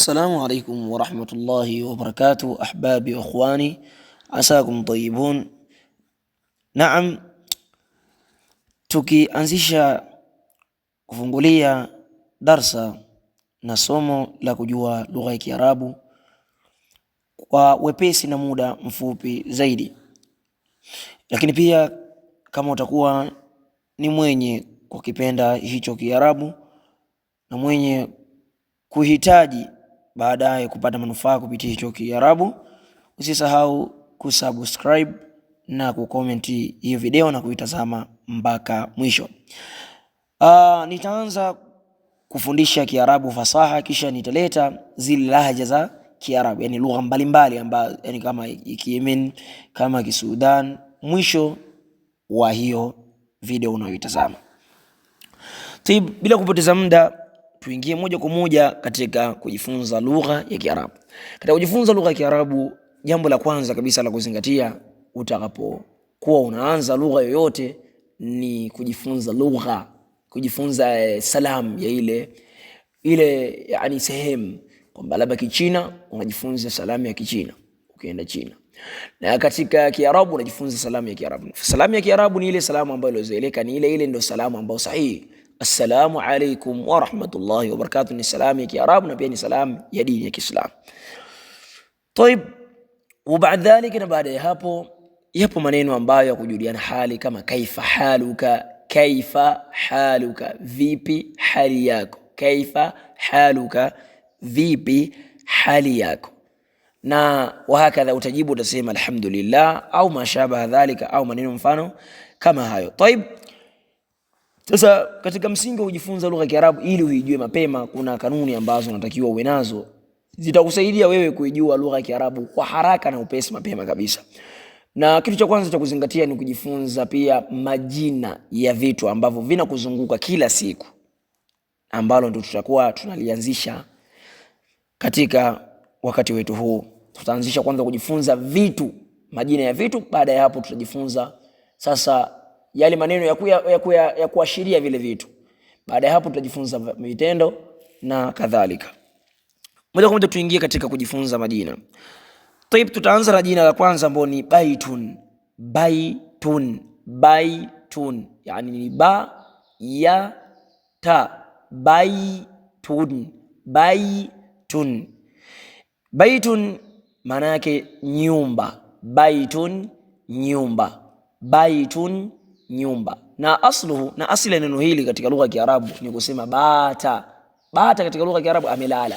السلام alaikum warahmatullahi wabarakatu ahbabi wa وأخواني asakum طيبون naam tukianzisha kufungulia darsa na somo la kujua lugha ya Kiarabu kwa wepesi na muda mfupi zaidi, lakini pia kama utakuwa ni mwenye kukipenda hicho Kiarabu na mwenye kuhitaji baadaye kupata manufaa kupitia hicho Kiarabu. Usisahau kusubscribe na kucomment hiyo video na kuitazama mpaka mwisho. Uh, nitaanza kufundisha Kiarabu fasaha, kisha nitaleta zile lahaja za Kiarabu, yani lugha mbalimbali ambazo, yani kama Yemen, kama Kisudan, mwisho wa hiyo video unayoitazama. Tib, bila kupoteza muda tuingie moja kwa moja katika kujifunza lugha ya Kiarabu. Katika kujifunza lugha ya Kiarabu, jambo la kwanza kabisa la kuzingatia utakapokuwa unaanza lugha yoyote ni kujifunza lugha, kujifunza eh, salam ya ile ile, yani sehemu kwamba labda Kichina unajifunza salamu ya Kichina ukienda China, na katika Kiarabu unajifunza salamu ya Kiarabu. Salamu ya Kiarabu ni ile salamu ambayo iliyozoeleka, ni ile ile ndio salamu ambayo sahihi assalamu alaikum wa rahmatullahi wa barakatuh ni salamu ya Kiarabu na pia ni salamu ya dini ya Kiislamu. Taib wa baada dhalika, na baada ya hapo yapo maneno ambayo ya kujuliana hali kama kaifa haluka, kaifa haluka, vipi hali yako, kaifa haluka, vipi hali yako na wahakadha utajibu utasema alhamdulillah, au mashabaha dhalika, au maneno mfano kama hayo. Taib sasa katika msingi wa kujifunza lugha ya Kiarabu ili uijue mapema, kuna kanuni ambazo unatakiwa uwe nazo zitakusaidia wewe kuijua lugha ya Kiarabu kwa haraka na upesi mapema kabisa. Na kitu cha kwanza cha kuzingatia ni kujifunza pia majina ya vitu ambavyo vinakuzunguka kila siku, ambalo ndio tutakuwa tunalianzisha katika wakati wetu huu. Tutaanzisha kwanza kujifunza vitu, majina ya vitu. Baada ya hapo, tutajifunza sasa yale maneno ya kuya, ya kuya, ya kuashiria vile vitu. Baada ya hapo tutajifunza vitendo na kadhalika. Moja kwa moja tuingie katika kujifunza majina. Tayeb, tutaanza na jina la kwanza ambalo ni baitun. Baitun, baitun, yani ni ba ya ta. Baitun, baitun, baitun maana yake nyumba. Baitun, nyumba. Baitun nyumba. Na asluhu, na asili ya neno hili katika lugha ya Kiarabu ni kusema bata. Bata katika lugha ya Kiarabu amelala.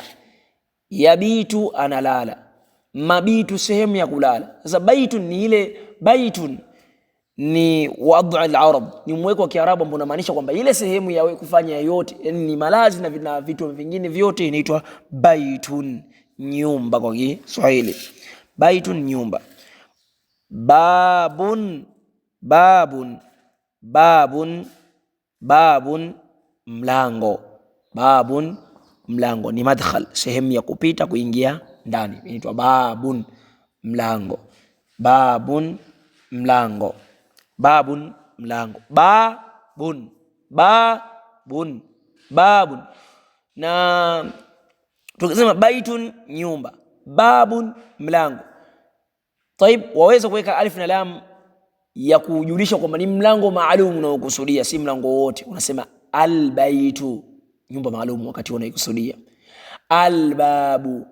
Yabitu, analala. Mabitu, sehemu ya kulala. Sasa baitun ni ile baitun ni wadhu al-arab ni mweko wa Kiarabu ambao unamaanisha kwamba ile sehemu ya kufanya yote, yani ni malazi na vitu vingine vyote, inaitwa baitun, nyumba kwa Kiswahili. Baitun, nyumba. Babun, babun babun, babun mlango, babun mlango ni madkhal, sehemu ya kupita kuingia ndani inaitwa babun mlango, babun mlango, babun mlango, babun babun babun. Na tukisema baitun nyumba, babun mlango. Taib, waweza kuweka alif na lam ya kujulisha kwamba ni mlango maalum unaokusudia, si mlango wote. Unasema albaitu, nyumba maalum, wakati huo unaikusudia. Albabu,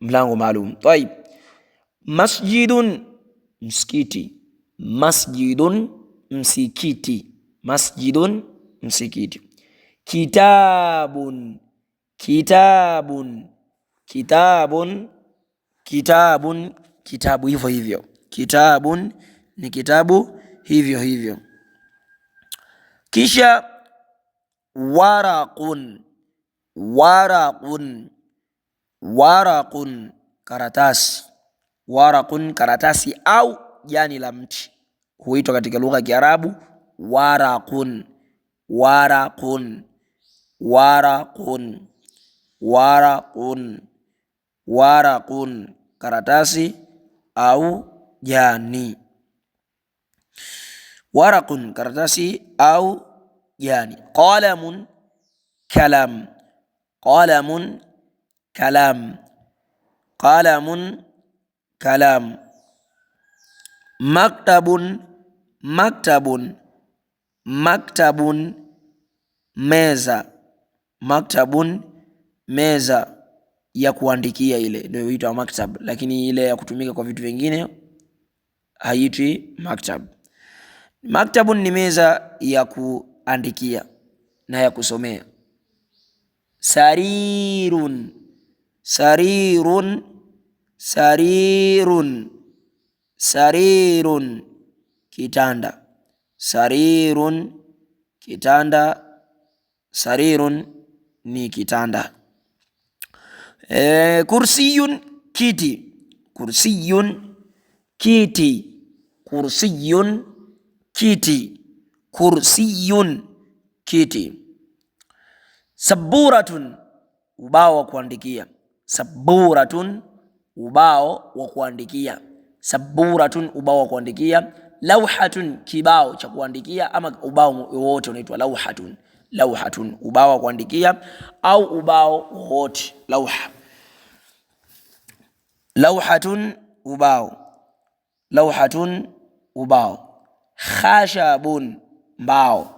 mlango maalum. Tayib, masjidun, msikiti. Masjidun, msikiti. Masjidun, msikiti. Kitabun, kitabun, kitabun, kitabun, kitabu hivyo hivyo, kitabun ni kitabu hivyo hivyo. Kisha waraqun, waraqun, waraqun, karatasi. Waraqun, karatasi au jani la mti huitwa katika lugha ya Kiarabu waraqun, waraqun, waraqun, waraqun, waraqun, karatasi au jani waraqun karatasi au jani, qalamun kalam, qalamun kalam, qalamun kalam, maktabun maktabun maktabun meza, maktabun meza ya kuandikia ile ndio huitwa maktab, lakini ile ya kutumika kwa vitu vingine haitwi maktab. Maktabun ni meza ya kuandikia na ya kusomea. Sarirun, sarirun, sarirun, sarirun, kitanda. Sarirun, kitanda. Sarirun ni kitanda. E, kursiyun, kiti. Kursiyun, kiti. Kursiyun kiti, kursiyun kiti, saburatun ubao wa kuandikia, saburatun ubao wa kuandikia, saburatun ubao wa kuandikia, lauhatun kibao cha kuandikia, ama ubao wote unaitwa lauhatun, lauhatun ubao wa kuandikia au ubao wote. lauha, lauhatun ubao, lauhatun ubao khashabun, mbao.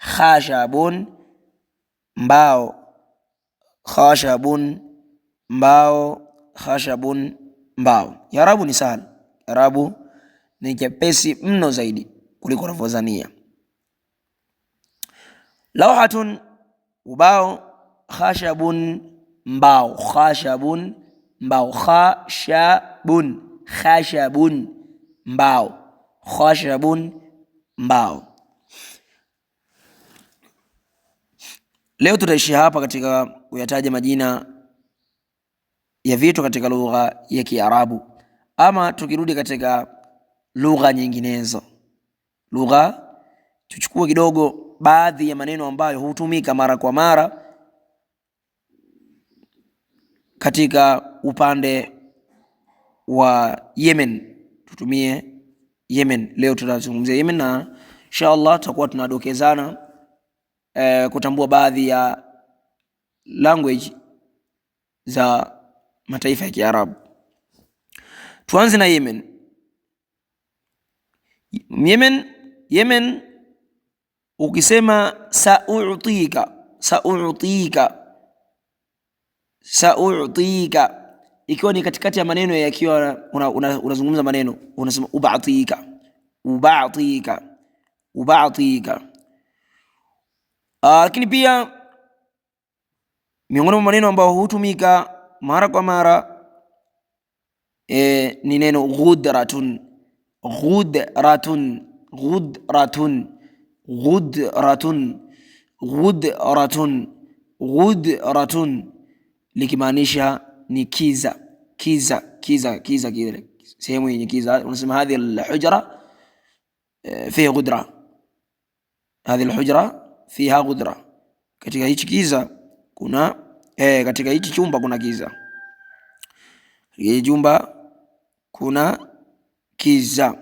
Khashabun, mbao. Khashabun, mbao. Khashabun, mbao. yarabu ni sahal, yarabu ni chepesi mno zaidi kuliko unavyodhania. lauhatun ubao. Khashabun, mbao. Khashabun, mbao. Khashabun, khashabun, mbao khashabun, mbao. Leo tutaishi hapa katika kuyataja majina ya vitu katika lugha ya Kiarabu. Ama tukirudi katika lugha nyinginezo, lugha tuchukue kidogo baadhi ya maneno ambayo hutumika mara kwa mara katika upande wa Yemen, tutumie Yemen. Leo tutazungumzia Yemen na inshallah tutakuwa tunadokezana eh, kutambua baadhi ya language za mataifa ya Kiarabu. Tuanze na Yemen. Yemen, Yemen ukisema sautika sautika sautika ikiwa ni katikati ya maneno yakiwa unazungumza maneno unasema ubatika ubatika ubatika. Ah, lakini pia miongoni mwa maneno ambayo hutumika mara kwa mara e, ni neno ghudratun ghudratun ghudratun ghudratun ghudratun ghudratun likimaanisha ni kiza kiza kiza kiza kiza sehemu yenye kiza unasema hadhi alhujra fiha ghudra hadhi alhujra fiha ghudra katika hichi kiza kuna eh, katika hichi chumba kuna kiza hii jumba kuna kiza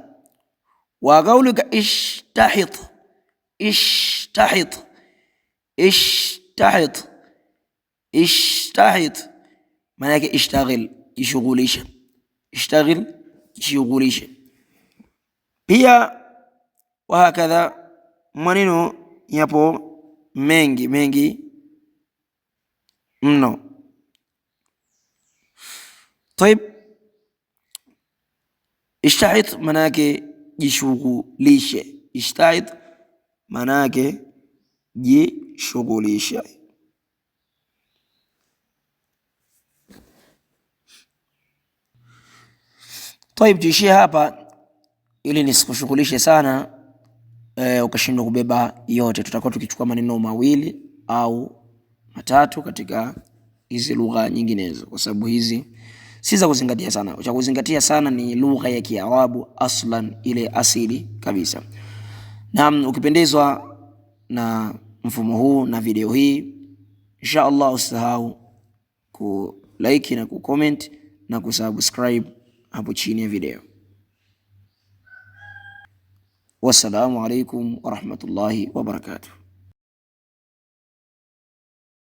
wa qauluka ishtahit ishtahit ishtahit ishtahit maana yake ishtaghil, jishughulishe. Ishtaghil, jishughulishe. Pia wahakadha, maneno yapo mengi mengi mno. Tayib, ishtahid maana yake jishughulishe. Ishtahid maana yake jishughulishe. Taib, tuishie hapa ili nisikushughulishe sana e, ukashindwa kubeba yote. Tutakuwa tukichukua maneno mawili au matatu katika hizi lugha nyinginezo, kwa sababu hizi si za kuzingatia sana. Cha kuzingatia sana ni lugha ya Kiarabu aslan, ile asili kabisa. Na ukipendezwa na mfumo huu na video hii, insha Allah usisahau ku like na ku comment na kusubscribe hapo chini ya video. Wassalamu alaikum warahmatullahi wabarakatuh.